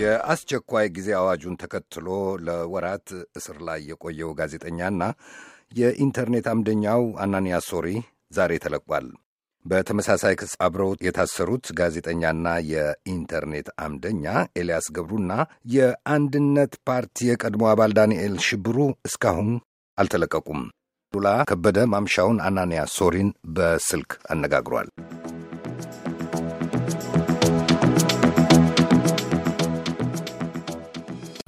የአስቸኳይ ጊዜ አዋጁን ተከትሎ ለወራት እስር ላይ የቆየው ጋዜጠኛና የኢንተርኔት አምደኛው አናንያ ሶሪ ዛሬ ተለቋል። በተመሳሳይ ክስ አብረው የታሰሩት ጋዜጠኛና የኢንተርኔት አምደኛ ኤልያስ ገብሩና የአንድነት ፓርቲ የቀድሞ አባል ዳንኤል ሽብሩ እስካሁን አልተለቀቁም። ዱላ ከበደ ማምሻውን አናንያ ሶሪን በስልክ አነጋግሯል።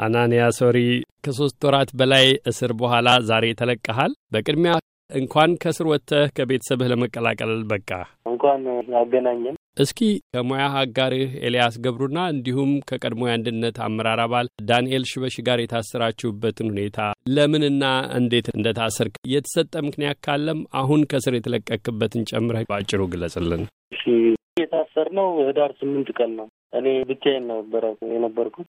አናንያ ሶሪ ከሶስት ወራት በላይ እስር በኋላ ዛሬ ተለቀሃል። በቅድሚያ እንኳን ከእስር ወጥተህ ከቤተሰብህ ለመቀላቀል በቃ እንኳን ያገናኘን። እስኪ ከሙያህ አጋርህ ኤልያስ ገብሩና እንዲሁም ከቀድሞ የአንድነት አመራር አባል ዳንኤል ሽበሽ ጋር የታሰራችሁበትን ሁኔታ ለምንና እንዴት እንደታሰርክ የተሰጠ ምክንያት ካለም አሁን ከእስር የተለቀክበትን ጨምረህ በአጭሩ ግለጽልን። የታሰርነው ህዳር ስምንት ቀን ነው። እኔ ብቻዬን ነበረ የነበርኩት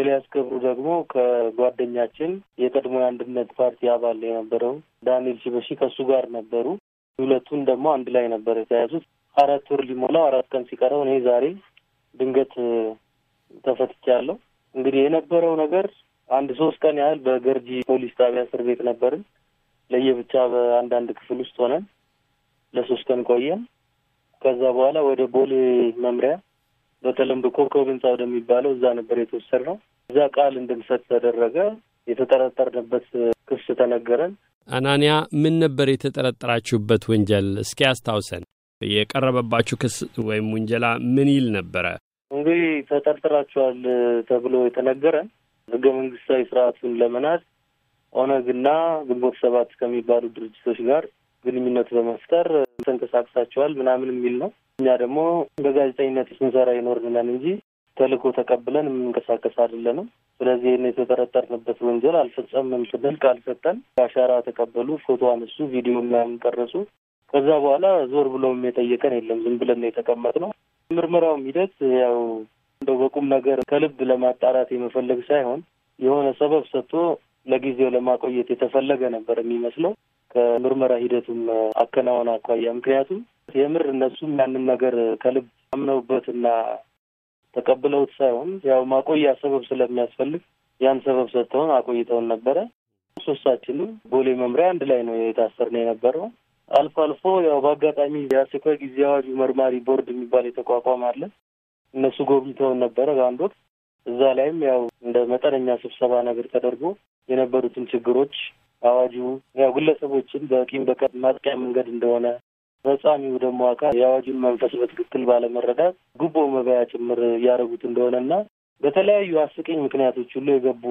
ኤልያስ ገብሩ ደግሞ ከጓደኛችን የቀድሞ የአንድነት ፓርቲ አባል የነበረው ዳንኤል ሽበሺ ከእሱ ጋር ነበሩ። ሁለቱን ደግሞ አንድ ላይ ነበር የተያዙት። አራት ወር ሊሞላው አራት ቀን ሲቀረው እኔ ዛሬ ድንገት ተፈትቻለሁ። እንግዲህ የነበረው ነገር አንድ ሶስት ቀን ያህል በገርጂ ፖሊስ ጣቢያ እስር ቤት ነበርን። ለየብቻ በአንዳንድ ክፍል ውስጥ ሆነን ለሶስት ቀን ቆየን። ከዛ በኋላ ወደ ቦሌ መምሪያ በተለምዶ ኮከብ ህንፃ ወደሚባለው እዛ ነበር የተወሰድነው። እዛ ቃል እንድንሰጥ ተደረገ። የተጠረጠርንበት ክስ ተነገረን። አናንያ ምን ነበር የተጠረጠራችሁበት ወንጀል? እስኪ አስታውሰን። የቀረበባችሁ ክስ ወይም ውንጀላ ምን ይል ነበረ? እንግዲህ ተጠርጥራችኋል ተብሎ የተነገረን ህገ መንግስታዊ ስርዓቱን ለመናድ ኦነግና ግንቦት ሰባት ከሚባሉ ድርጅቶች ጋር ግንኙነት በመፍጠር ተንቀሳቅሳችኋል ምናምን የሚል ነው። እኛ ደግሞ በጋዜጠኝነት ስንሰራ ይኖርናል እንጂ ተልእኮ ተቀብለን የምንንቀሳቀስ አይደለንም። ስለዚህ ይህን የተጠረጠርንበት ወንጀል አልፈጸምም ስንል ቃል ሰጠን። አሻራ ተቀበሉ፣ ፎቶ አነሱ፣ ቪዲዮ ምናምን ቀረጹ። ከዛ በኋላ ዞር ብሎም የጠየቀን የለም። ዝም ብለን ነው የተቀመጥነው። ምርመራውም ሂደት ያው እንደው በቁም ነገር ከልብ ለማጣራት የመፈለግ ሳይሆን የሆነ ሰበብ ሰጥቶ ለጊዜው ለማቆየት የተፈለገ ነበር የሚመስለው ከምርመራ ሂደቱም አከናወን አኳያ ምክንያቱም የምር እነሱም ያንን ነገር ከልብ አምነውበትና ተቀብለውት ሳይሆን ያው ማቆያ ሰበብ ስለሚያስፈልግ ያን ሰበብ ሰጥተውን አቆይተውን ነበረ። ሶስታችንም ቦሌ መምሪያ አንድ ላይ ነው የታሰርነው የነበረው። አልፎ አልፎ ያው በአጋጣሚ የአስቸኳይ ጊዜ አዋጁ መርማሪ ቦርድ የሚባል የተቋቋመ አለ። እነሱ ጎብኝተውን ነበረ በአንድ ወቅት። እዛ ላይም ያው እንደ መጠነኛ ስብሰባ ነገር ተደርጎ የነበሩትን ችግሮች አዋጁ ያው ግለሰቦችን በቂም በቀል ማጥቂያ መንገድ እንደሆነ ፈጻሚው ደግሞ አካል የአዋጁን መንፈስ በትክክል ባለመረዳት ጉቦ መበያ ጭምር እያደረጉት እንደሆነና በተለያዩ አስቂኝ ምክንያቶች ሁሉ የገቡ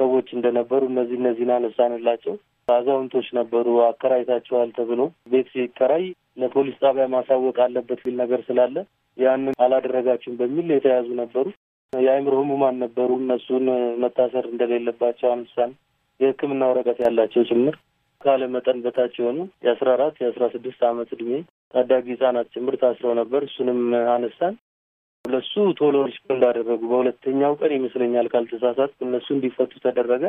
ሰዎች እንደነበሩ እነዚህ እነዚህን አነሳንላቸው። አዛውንቶች ነበሩ። አከራይታቸዋል ተብሎ ቤት ሲከራይ ለፖሊስ ጣቢያ ማሳወቅ አለበት ቢል ነገር ስላለ ያንን አላደረጋችሁም በሚል የተያዙ ነበሩ። የአእምሮ ህሙማን ነበሩ። እነሱን መታሰር እንደሌለባቸው አንሳን የህክምና ወረቀት ያላቸው ጭምር ካለ መጠን በታች የሆኑ የአስራ አራት የአስራ ስድስት ዓመት እድሜ ታዳጊ ህጻናት ጭምር ታስረው ነበር። እሱንም አነሳን። ለሱ ቶሎ ሪስፖንድ እንዳደረጉ በሁለተኛው ቀን ይመስለኛል ካልተሳሳት እነሱ እንዲፈቱ ተደረገ።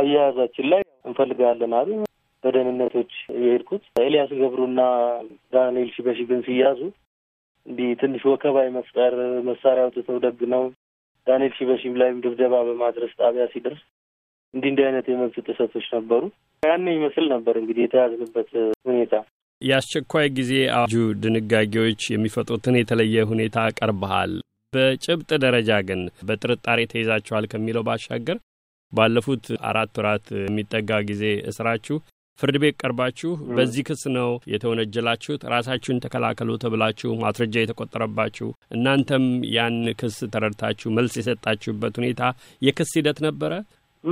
አያያዛችን ላይ እንፈልጋለን አሉ። በደህንነቶች የሄድኩት ኤልያስ ገብሩና ዳንኤል ሽበሺ ግን ሲያዙ እንዲህ ትንሽ ወከባይ መፍጠር መሳሪያ አውጥተው ደግ ነው። ዳንኤል ሽበሺም ላይም ድብደባ በማድረስ ጣቢያ ሲደርስ እንዲህ እንዲህ አይነት የመብት ጥሰቶች ነበሩ። ያን ይመስል ነበር እንግዲህ የተያዝንበት ሁኔታ። የአስቸኳይ ጊዜ አዋጁ ድንጋጌዎች የሚፈጥሩትን የተለየ ሁኔታ ቀርበሃል። በጭብጥ ደረጃ ግን በጥርጣሬ ተይዛችኋል ከሚለው ባሻገር ባለፉት አራት ወራት የሚጠጋ ጊዜ እስራችሁ ፍርድ ቤት ቀርባችሁ በዚህ ክስ ነው የተወነጀላችሁት፣ ራሳችሁን ተከላከሉ ተብላችሁ ማስረጃ የተቆጠረባችሁ እናንተም ያን ክስ ተረድታችሁ መልስ የሰጣችሁበት ሁኔታ የክስ ሂደት ነበረ።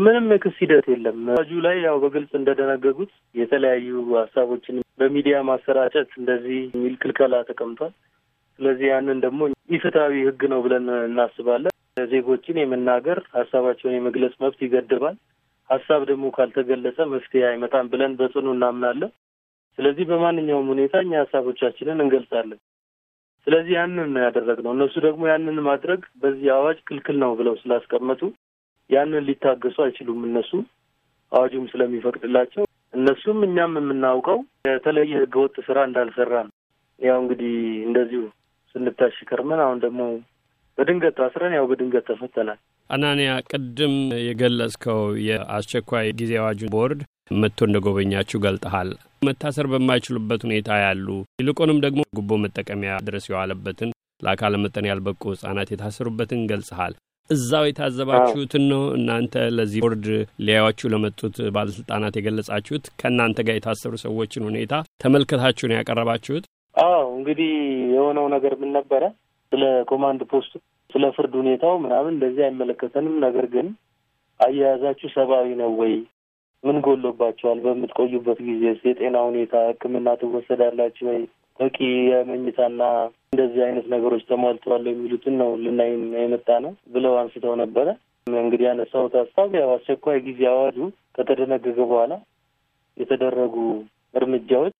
ምንም የክስ ሂደት የለም። አዋጁ ላይ ያው በግልጽ እንደደነገጉት የተለያዩ ሀሳቦችን በሚዲያ ማሰራጨት እንደዚህ የሚል ክልከላ ተቀምጧል። ስለዚህ ያንን ደግሞ ኢፍትሐዊ ህግ ነው ብለን እናስባለን። ዜጎችን የመናገር ሀሳባቸውን የመግለጽ መብት ይገድባል። ሀሳብ ደግሞ ካልተገለጸ መፍትሄ አይመጣም ብለን በጽኑ እናምናለን። ስለዚህ በማንኛውም ሁኔታ እኛ ሀሳቦቻችንን እንገልጻለን። ስለዚህ ያንን ነው ያደረግነው። እነሱ ደግሞ ያንን ማድረግ በዚህ አዋጅ ክልክል ነው ብለው ስላስቀመጡ ያንን ሊታገሱ አይችሉም። እነሱ አዋጁም ስለሚፈቅድላቸው እነሱም እኛም የምናውቀው የተለየ ህገወጥ ስራ እንዳልሰራ ነው። ያው እንግዲህ እንደዚሁ ስንታሽ ከርመን አሁን ደግሞ በድንገት ታስረን ያው በድንገት ተፈተናል። አናንያ ቅድም የገለጽከው የአስቸኳይ ጊዜ አዋጁ ቦርድ መጥቶ ጎበኛችሁ ገልጠሃል። መታሰር በማይችሉበት ሁኔታ ያሉ ይልቁንም ደግሞ ጉቦ መጠቀሚያ ድረስ የዋለበትን ለአካለ መጠን ያልበቁ ህጻናት የታሰሩበትን ገልጸሃል። እዛው የታዘባችሁትን ነው እናንተ ለዚህ ቦርድ ሊያዩዋችሁ ለመጡት ባለስልጣናት የገለጻችሁት? ከእናንተ ጋር የታሰሩ ሰዎችን ሁኔታ ተመልከታችሁ ነው ያቀረባችሁት? አዎ እንግዲህ የሆነው ነገር ምን ነበረ? ስለ ኮማንድ ፖስቱ ስለ ፍርድ ሁኔታው ምናምን እንደዚህ አይመለከተንም። ነገር ግን አያያዛችሁ ሰብአዊ ነው ወይ? ምን ጎሎባቸዋል? በምትቆዩበት ጊዜ የጤና ሁኔታ ሕክምና ትወሰዳላችሁ ወይ? በቂ የመኝታና እንደዚህ አይነት ነገሮች ተሟልተዋል የሚሉትን ነው ልናይ የመጣ ነው ብለው አንስተው ነበረ። እንግዲህ ያነሳሁት ሀሳብ ያው አስቸኳይ ጊዜ አዋጁ ከተደነገገ በኋላ የተደረጉ እርምጃዎች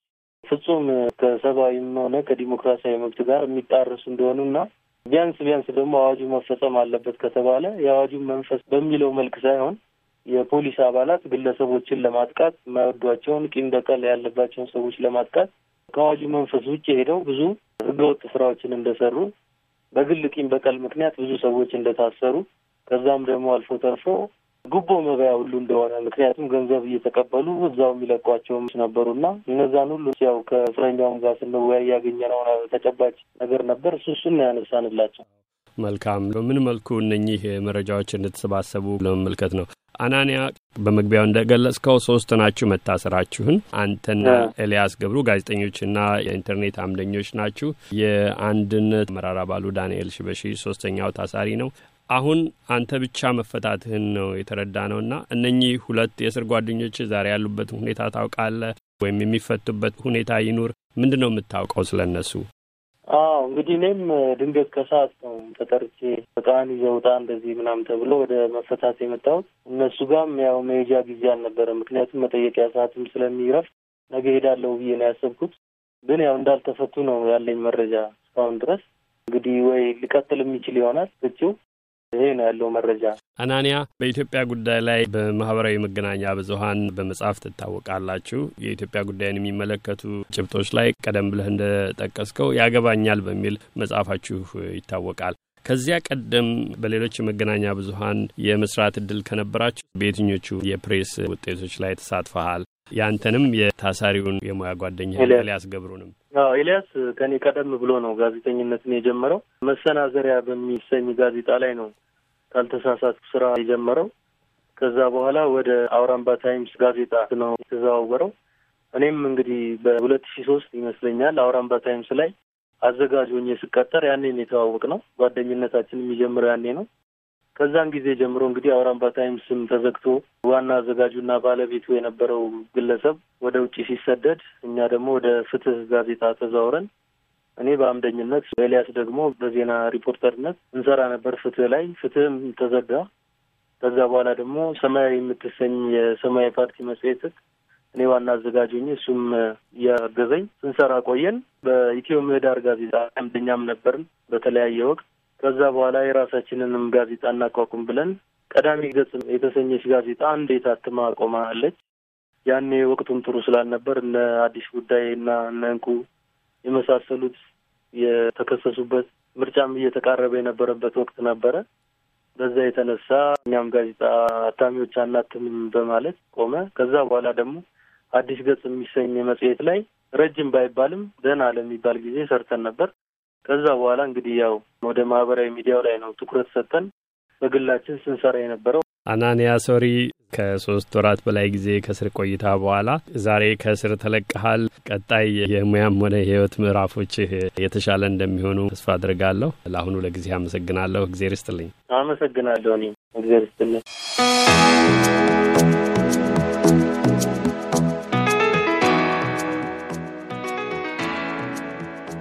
ፍጹም ከሰብአዊም ሆነ ከዲሞክራሲያዊ መብት ጋር የሚጣረሱ እንደሆኑና ቢያንስ ቢያንስ ደግሞ አዋጁ መፈጸም አለበት ከተባለ የአዋጁን መንፈስ በሚለው መልክ ሳይሆን የፖሊስ አባላት ግለሰቦችን ለማጥቃት የማይወዷቸውን ቂም በቀል ያለባቸውን ሰዎች ለማጥቃት ከአዋጁ መንፈስ ውጭ ሄደው ብዙ ህገወጥ ስራዎችን እንደሰሩ፣ በግል ቂም በቀል ምክንያት ብዙ ሰዎች እንደታሰሩ፣ ከዛም ደግሞ አልፎ ተርፎ ጉቦ መበያ ሁሉ እንደሆነ ምክንያቱም ገንዘብ እየተቀበሉ እዛው የሚለቋቸውም ነበሩና እነዛን ሁሉ ያው ከእስረኛውም ጋር ስንወያይ ያገኘነው ተጨባጭ ነገር ነበር። እሱ እሱን ነው ያነሳንላቸው። መልካም። በምን መልኩ እነኚህ መረጃዎች እንደተሰባሰቡ ለመመልከት ነው። አናንያ በመግቢያው እንደገለጽከው ሶስት ናችሁ መታሰራችሁን። አንተና ኤልያስ ገብሩ ጋዜጠኞችና የኢንተርኔት አምደኞች ናችሁ። የአንድነት መራራ ባሉ ዳንኤል ሽበሺ ሶስተኛው ታሳሪ ነው። አሁን አንተ ብቻ መፈታትህን ነው የተረዳ ነውና እነኚህ ሁለት የእስር ጓደኞች ዛሬ ያሉበትን ሁኔታ ታውቃለህ ወይም የሚፈቱበት ሁኔታ ይኑር? ምንድን ነው የምታውቀው ስለ እነሱ? አዎ እንግዲህ እኔም ድንገት ከሰዓት ነው ተጠርቼ በቃን ይዘውጣ እንደዚህ ምናምን ተብሎ ወደ መፈታት የመጣሁት። እነሱ ጋም ያው መሄጃ ጊዜ አልነበረ፣ ምክንያቱም መጠየቂያ ሰዓትም ስለሚረፍ ነገ ሄዳለሁ ብዬ ነው ያሰብኩት። ግን ያው እንዳልተፈቱ ነው ያለኝ መረጃ እስካሁን ድረስ። እንግዲህ ወይ ሊቀጥል የሚችል ይሆናል ፍቺው ይሄ ነው ያለው መረጃ። አናንያ፣ በኢትዮጵያ ጉዳይ ላይ በማህበራዊ መገናኛ ብዙሀን በመጻፍ ትታወቃላችሁ። የኢትዮጵያ ጉዳይን የሚመለከቱ ጭብጦች ላይ ቀደም ብለህ እንደጠቀስከው ያገባኛል በሚል መጻፋችሁ ይታወቃል። ከዚያ ቀደም በሌሎች የመገናኛ ብዙሀን የመስራት እድል ከነበራችሁ በየትኞቹ የፕሬስ ውጤቶች ላይ ተሳትፈሃል? ያንተንም የታሳሪውን የሙያ ጓደኛ ሊያስገብሩንም አዎ ኤልያስ ከኔ ቀደም ብሎ ነው ጋዜጠኝነትን የጀመረው። መሰናዘሪያ በሚሰኝ ጋዜጣ ላይ ነው ካልተሳሳትኩ ስራ የጀመረው። ከዛ በኋላ ወደ አውራምባ ታይምስ ጋዜጣ ነው የተዘዋወረው። እኔም እንግዲህ በሁለት ሺ ሶስት ይመስለኛል አውራምባ ታይምስ ላይ አዘጋጅ ሆኜ ስቀጠር ያኔ ነው የተዋወቅ ነው። ጓደኝነታችን የሚጀምረው ያኔ ነው። ከዛን ጊዜ ጀምሮ እንግዲህ አውራምባ ታይምስም ተዘግቶ ዋና አዘጋጁና ባለቤቱ የነበረው ግለሰብ ወደ ውጭ ሲሰደድ፣ እኛ ደግሞ ወደ ፍትህ ጋዜጣ ተዛውረን እኔ በአምደኝነት ኤልያስ ደግሞ በዜና ሪፖርተርነት እንሰራ ነበር ፍትህ ላይ። ፍትህም ተዘጋ። ከዛ በኋላ ደግሞ ሰማያዊ የምትሰኝ የሰማያዊ ፓርቲ መጽሔት እኔ ዋና አዘጋጅ ሆኜ እሱም እያገዘኝ ስንሰራ ቆየን። በኢትዮ ምህዳር ጋዜጣ አምደኛም ነበርን በተለያየ ወቅት ከዛ በኋላ የራሳችንንም ጋዜጣ እናቋቁም ብለን ቀዳሚ ገጽ የተሰኘች ጋዜጣ አንዴ ታትማ ቆማለች። ያኔ ወቅቱም ጥሩ ስላልነበር እነ አዲስ ጉዳይ እና እነ እንቁ የመሳሰሉት የተከሰሱበት ምርጫም እየተቃረበ የነበረበት ወቅት ነበረ። በዛ የተነሳ እኛም ጋዜጣ አታሚዎች አናትምም በማለት ቆመ። ከዛ በኋላ ደግሞ አዲስ ገጽ የሚሰኝ መጽሔት ላይ ረጅም ባይባልም ደህና ለሚባል ጊዜ ሰርተን ነበር። ከዛ በኋላ እንግዲህ ያው ወደ ማህበራዊ ሚዲያው ላይ ነው ትኩረት ሰተን በግላችን ስንሰራ የነበረው። አናንያ ሶሪ ከሶስት ወራት በላይ ጊዜ ከእስር ቆይታ በኋላ ዛሬ ከእስር ተለቀሃል። ቀጣይ የሙያም ሆነ የህይወት ምዕራፎችህ የተሻለ እንደሚሆኑ ተስፋ አድርጋለሁ። ለአሁኑ ለጊዜ አመሰግናለሁ። እግዜር ይስጥልኝ። አመሰግናለሁ። እኔ እግዜር ይስጥልኝ።